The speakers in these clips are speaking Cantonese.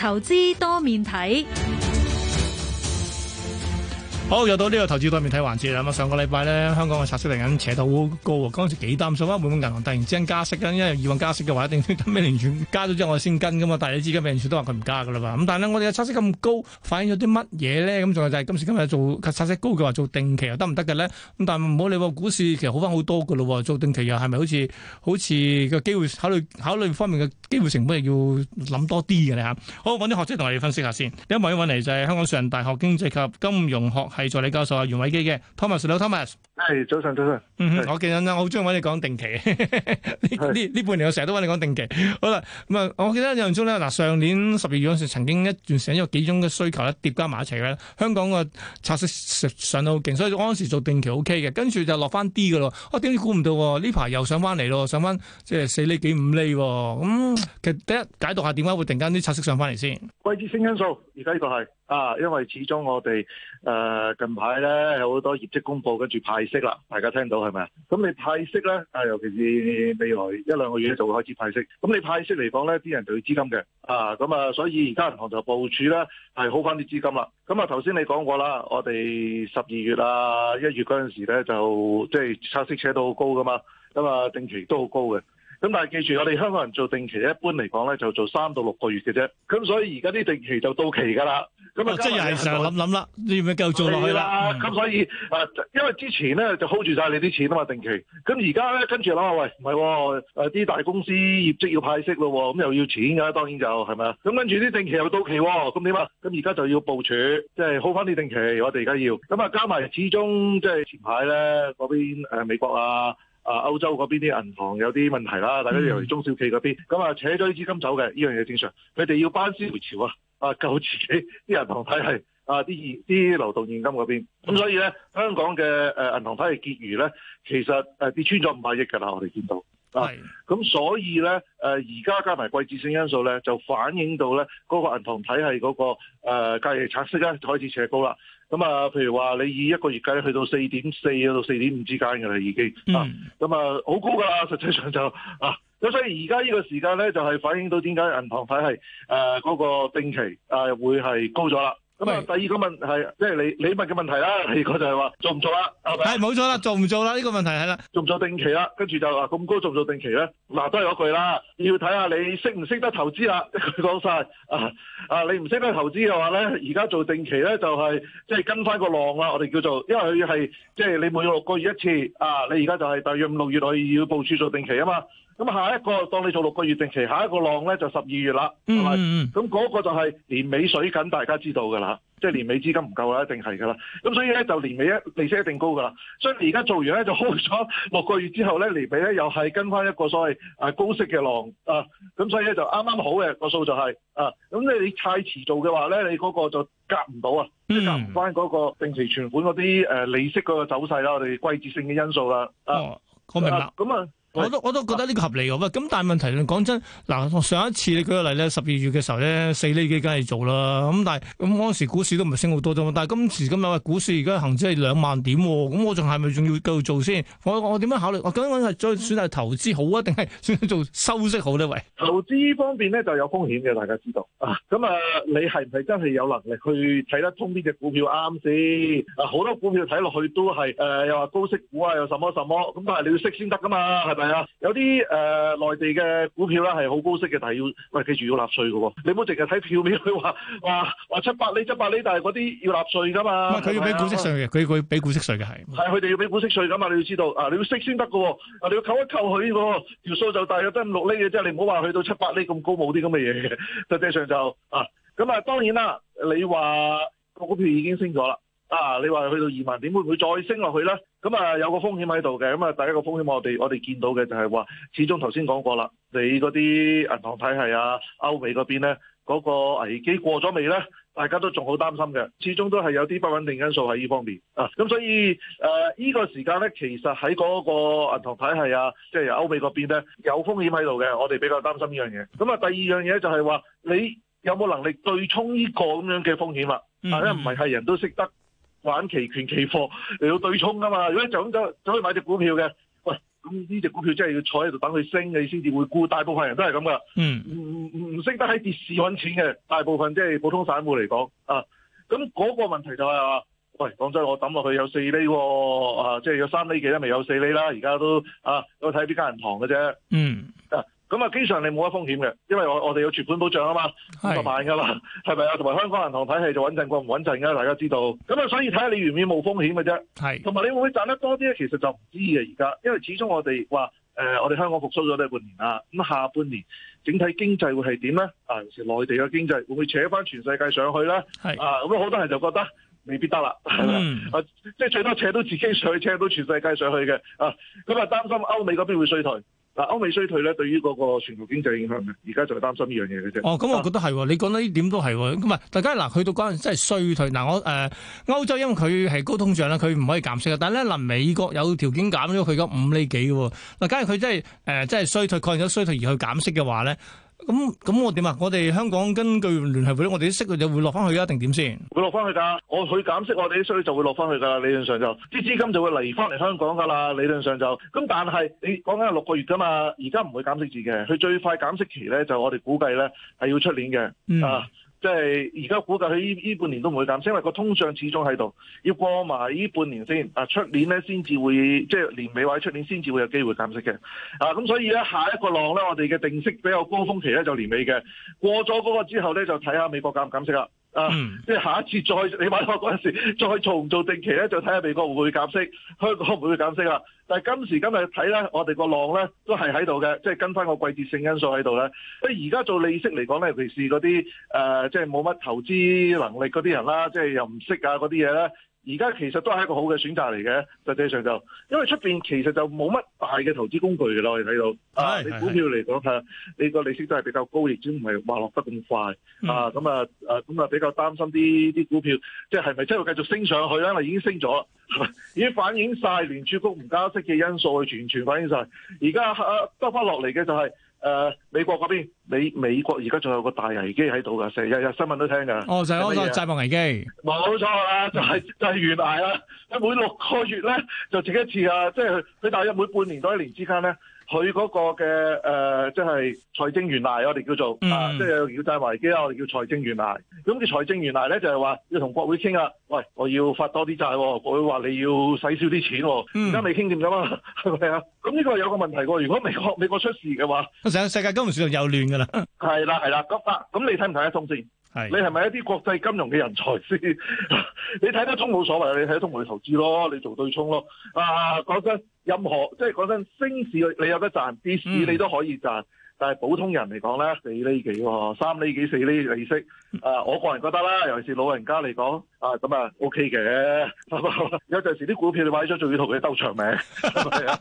投資多面睇。好，又到呢個投資方面睇環節啦。咁上個禮拜咧，香港嘅拆息突然間扯到好高，哦，嗰陣時幾擔心啊！會唔會銀行突然之間加息咧？因為以往加息嘅話，一定等美聯儲加咗之後我先跟噶嘛。但係你資金面美聯儲都話佢唔加噶啦嘛。咁但係咧，我哋嘅拆息咁高，反映咗啲乜嘢咧？咁仲有就係今時今日做拆息高嘅話，做定期又得唔得嘅咧？咁但係唔好你話股市其實好翻好多噶咯。做定期又係咪好似好似個機會考慮考慮方面嘅機會成本又要諗多啲嘅咧吓？好，揾啲學者同我哋分析下先。第一位揾嚟就係香港上大學經濟及金融學。係助理教授啊，袁偉基嘅 Thomas 你好，Thomas 係早晨早晨、嗯，我記得啦，我好中意揾你講定期，呢 呢半年我成日都揾你講定期。好啦，咁啊，我記得有陣中咧，嗱，上年十二月嗰時候曾經一段時間有為幾種嘅需求咧疊加埋一齊嘅，香港個拆息上到好勁，所以嗰陣時做定期 O K 嘅，跟住就落翻 D 噶咯。我點知估唔到呢排又上翻嚟咯，上翻即係四厘幾五厘咁、嗯。其實第一解讀一下點解會突然間啲拆息上翻嚟先？季節性因素，而家呢個係啊，因為始終我哋誒。呃近排咧有好多業績公佈，跟住派息啦，大家聽到係咪啊？咁你派息咧，啊，尤其是未來一兩個月就會開始派息。咁你派息嚟講咧，啲人就要資金嘅啊。咁啊，所以而家銀行就部署咧係好翻啲資金啦。咁啊，頭先你講過啦，我哋十二月啊、一月嗰陣時咧就即係拆息車都好高㗎嘛。咁啊，定期亦都好高嘅。咁但係記住，我哋香港人做定期一般嚟講咧就做三到六個月嘅啫。咁所以而家啲定期就到期㗎啦。咁啊，即又係時候諗諗啦，你要唔要繼續做落去啦。咁、嗯、所以啊，因為之前咧就 hold 住晒你啲錢啊嘛，定期。咁而家咧跟住諗下，喂，唔係喎，啲、呃、大公司業績要派息咯，咁又要錢㗎，當然就係咪啊？咁跟住啲定期又到期，咁點啊？咁而家就要部署，即係 hold 翻啲定期。我哋而家要咁啊，加埋始終即係前排咧嗰邊、呃、美國啊、啊、呃、歐洲嗰邊啲銀行有啲問題啦，大家尤其中小企嗰邊，咁、嗯、啊扯咗啲資金走嘅，呢樣嘢正常。佢哋要班師回朝啊！啊，夠自己啲銀行體系啊，啲現啲流動現金嗰邊，咁所以咧，香港嘅誒銀行體系結餘咧，其實誒跌穿咗五百億㗎啦，我哋見到，係，咁、啊、所以咧，誒而家加埋季節性因素咧，就反映到咧嗰個銀行體系嗰、嗰個誒隔夜拆息咧開始扯高啦，咁啊，譬如話你以一個月計去到四點四到四點五之間㗎啦，已經，咁啊，好、嗯啊、高㗎啦，實際上就啊。咁所以而家呢個時間咧，就係、是、反映到點解銀行體係誒嗰個定期誒、呃、會係高咗啦。咁啊，第二個問係即係你你問嘅問題啦。第二個就係話做唔做啦？係冇錯啦，做唔做啦？呢、這個問題係啦，做唔做定期啦、啊？跟住就話咁高做唔做定期咧？嗱、啊，都係嗰句啦，要睇下你識唔識得投資啦、啊。一句講 曬啊啊！你唔識得投資嘅話咧，而家做定期咧就係即係跟翻個浪啦。我哋叫做因為佢係即係你每六個月一次啊，你而家就係大約五六月內要部署做定期啊嘛。咁下一個當你做六個月定期，下一個浪咧就十二月啦，係咪？咁嗰個就係年尾水緊，大家知道噶啦，即係年尾資金唔夠啦，一定係噶啦。咁所以咧就年尾一利息一定高噶啦。所以而家做完咧就空咗六個月之後咧，年尾咧又係跟翻一個所謂誒、啊、高息嘅浪啊。咁所以咧就啱啱好嘅、嗰個數就係、是、啊。咁你你太遲做嘅話咧，你嗰個就夾唔到啊，即係夾唔翻嗰個定期存款嗰啲誒利息嗰個走勢啦。我哋季節性嘅因素啦啊，哦、我明白。咁啊。我都我都覺得呢個合理喎，喂、啊！咁但係問題咧，講真，嗱，上一次你舉個例咧，十二月嘅時候咧，四厘幾梗係做啦，咁但係咁嗰時股市都唔係升好多啫嘛，但係今時今日股市而家行咗係兩萬點，咁我仲係咪仲要繼續做先？我我點樣考慮？我究竟係再選擇投資好啊，定係做收息好呢？喂，投資方面咧就有風險嘅，大家知道啊。咁啊，你係唔係真係有能力去睇得通呢隻股票啱先？啊，好多股票睇落去都係誒，又、呃、話高息股啊，又什麼什麼，咁但係你要識先得噶嘛，係。係啊，有啲誒、呃、內地嘅股票咧係好高息嘅，但係要喂、哎、記住要納稅㗎喎。你唔好淨係睇票面去話話七百厘、七百厘，但係嗰啲要納稅噶嘛。佢要俾股息稅嘅，佢佢俾股息稅嘅係。係佢哋要俾股息稅噶嘛？你要知道啊，你要識先得㗎喎，你要扣一扣佢喎、啊，條數就大約得五六厘嘅啫。你唔好話去到七百厘咁高冇啲咁嘅嘢。實際上就啊，咁啊當然啦、啊，你話、個股票已經升咗啦，啊你話去到二萬，點會唔會再升落去咧？咁啊，有個風險喺度嘅。咁啊，第一個風險我哋我哋見到嘅就係話，始終頭先講過啦，你嗰啲銀行體系啊，歐美嗰邊咧，嗰個危機過咗未咧？大家都仲好擔心嘅，始終都係有啲不穩定因素喺呢方面啊。咁所以誒，呢個時間咧，其實喺嗰個銀行體系啊，即係歐美嗰邊咧，有風險喺度嘅。我哋比較擔心呢樣嘢。咁啊，第二樣嘢就係話，你有冇能力對沖呢個咁樣嘅風險啦？但係咧，唔係係人都識得。玩期權期貨嚟到對沖啊嘛，如果就咁走走去買隻股票嘅，喂，咁呢隻股票真係要坐喺度等佢升你先至會沽，大部分人都係咁噶，嗯，唔唔唔識得喺跌市揾錢嘅，大部分即係普通散戶嚟講啊，咁嗰個問題就係話，喂，講真，我抌落去有四厘喎，啊，即係有三厘幾咧，咪有四厘啦，而家都啊，我睇呢間銀行嘅啫，嗯。咁啊，基本上你冇乜風險嘅，因為我我哋有存款保障啊嘛，十萬噶嘛，係咪啊？同埋香港銀行體系就穩陣過唔穩陣嘅，大家知道。咁啊，所以睇下你願唔願意冇風險嘅啫。係，同埋你會唔會賺得多啲咧？其實就唔知嘅而家，因為始終我哋話誒，我哋香港復甦咗都係半年啦。咁下半年整體經濟會係點咧？啊，尤其是內地嘅經濟會唔會扯翻全世界上去咧？係啊，咁好多人就覺得未必得啦。嗯。啊，即係最多扯到自己上去，扯到全世界上去嘅啊。咁啊，擔心歐美嗰邊會衰退。歐美衰退咧，對於嗰個全球經濟影響而家仲係擔心呢樣嘢嘅啫。哦，咁我覺得係，你講得呢點都係，咁、嗯、係？大家嗱，去到嗰陣真係衰退。嗱、嗯，我誒、呃、歐洲因為佢係高通脹啦，佢唔可以減息嘅。但係咧，嗱美國有條件減咗佢嘅五釐幾。嗱，假如佢真係誒、呃、真係衰退，確認咗衰退而去減息嘅話咧。咁咁我點啊？我哋香港根據聯繫會，我哋啲息就會落翻去啊？定點先？會落翻去㗎。我佢減息，我哋啲息就會落翻去㗎。理論上就啲資金就會嚟翻嚟香港㗎啦。理論上就咁，但係你講緊係六個月㗎嘛？而家唔會減息住嘅。佢最快減息期咧，就我哋估計咧係要出年嘅、嗯、啊。即係而家估計佢呢半年都唔會減息，因為個通脹始終喺度，要過埋呢半年先，啊出年咧先至會，即係年尾或者出年先至會有機會減息嘅。啊咁，所以咧下一個浪咧，我哋嘅定息比較高峰期咧就年尾嘅，過咗嗰個之後咧就睇下美國減唔減息啦。啊， uh，即係下一次再你問我嗰陣時，再做唔做定期咧，就睇下美國會唔會減息，香港會唔會減息啦。但係今時今日睇咧，我哋個浪咧都係喺度嘅，即係跟翻個季節性因素喺度咧。即係而家做利息嚟講咧，尤其是嗰啲誒，即係冇乜投資能力嗰啲人啦，即係又唔識啊嗰啲嘢咧。而家其實都係一個好嘅選擇嚟嘅，實際上就因為出邊其實就冇乜大嘅投資工具嘅啦，我哋睇到你股票嚟講係，你個利息都係比較高，亦都唔係滑落得咁快是是是啊，咁啊，咁啊，啊，啊，啊比較擔心啲啲股票，即係係咪真係繼續升上去啦？因為已經升咗、啊，已經反映晒聯儲局唔加息嘅因素，全全反映晒。而家收翻落嚟嘅就係、是。誒、呃，美國嗰邊美美國而家仲有個大危機喺度噶，成日日新聞都聽噶。哦，就係債務危機。冇錯啦，就係、是、就係懸崖啦。 每六個月咧就整一次啊，即係佢大約每半年到一年之間咧。佢嗰個嘅誒，即、呃、係、就是、財政懸崖，我哋叫做、嗯、啊，即係經濟危機啦，我哋叫財政懸崖。咁啲財政懸崖咧，就係話要同國會傾啊。喂，我要發多啲債、啊，國會話你要使少啲錢，而家未傾掂㗎嘛，係咪啊？咁、嗯、呢個有個問題喎。如果美國美國出事嘅話，成個世界金融市場又亂㗎啦。係 啦，係啦，咁啊，咁你睇唔睇得通先？係，你係咪一啲國際金融嘅人才先？ 你睇得通冇所謂，你睇得通去投資咯，你做對沖咯。啊，講真，任何即係講真，升市你有得賺，跌市你都可以賺、嗯。但係普通人嚟講咧，四厘幾，三厘幾，四厘利息。啊， 我個人覺得啦，尤其是老人家嚟講。啊，咁啊，OK 嘅， 有陣時啲股票你買咗，仲要同佢鬥長命，係 咪啊？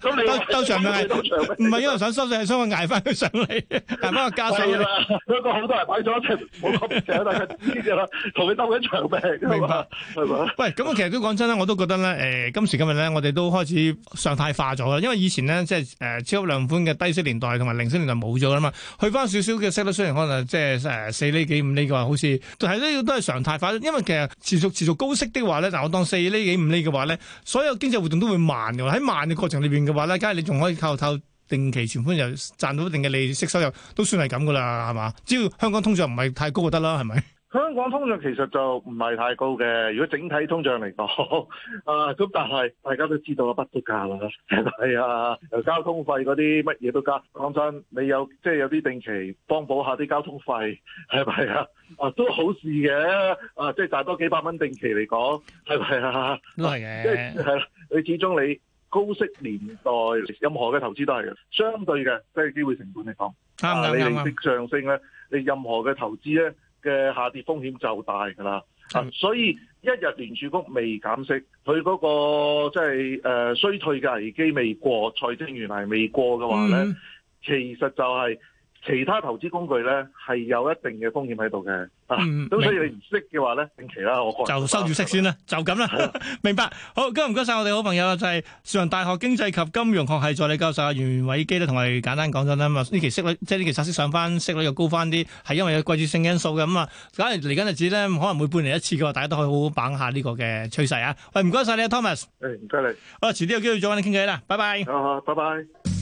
鬥咁你鬥長命，唔係因為想收息，淨係想我捱翻佢上嚟，係 咪加息啦，因為好多人都買咗，即係冇乜嘢，但係呢隻咯，同佢鬥緊長命，明白係嘛？喂，咁啊，其實都講真啦，我都覺得咧，誒、呃，今時今日咧，我哋都開始常態化咗啦，因為以前呢，即係誒超量寬嘅低息年代同埋零息年代冇咗啦嘛，去翻少少嘅息率，雖然可能即係誒四厘幾五厘嘅，好似，但係都要都係常態化，因為。其實持續持續高息的話咧，但我當四厘幾五厘嘅話咧，所有經濟活動都會慢嘅。喺慢嘅過程裏邊嘅話咧，梗係你仲可以靠透定期存款又賺到一定嘅利息收入，都算係咁噶啦，係嘛？只要香港通脹唔係太高就得啦，係咪？香港通脹其實就唔係太高嘅，如果整體通脹嚟講，啊咁但係大家都知道啊，是不都加啦，係啊，由交通費嗰啲乜嘢都加。講真，你有即係、就是、有啲定期幫補下啲交通費，係咪啊？啊都好事嘅，啊即係賺多幾百蚊定期嚟講，係咪啊？係嘅、啊，即係啦。你始終你高息年代，任何嘅投資都係相對嘅，即係機會成本嚟講。對對對，你息上升咧，你任何嘅投資咧。嘅下跌風險就大㗎啦、嗯，所以一日聯儲局未減息，佢嗰、那個即係、就是呃、衰退嘅危機未過，財政原嚟未過嘅話咧、嗯，其實就係、是。其他投資工具咧係有一定嘅風險喺度嘅，咁、啊、所以你唔識嘅話咧，定期啦，我就收住息先啦，就咁啦， 明白。好，今日唔該晒我哋好朋友就係樹仁大學經濟及金融學系助理教授袁偉基都同我哋簡單講咗啦。咁、嗯、呢期息率即係呢期息息上翻，息率又高翻啲，係因為有季節性因素嘅咁啊。假如嚟緊日子咧，可能每半年一次嘅話，大家都可以好好把握下呢個嘅趨勢啊。喂，唔該晒你啊，Thomas。誒、欸，唔該你。好，遲啲有機會再揾你傾偈啦。拜拜。啊、拜拜。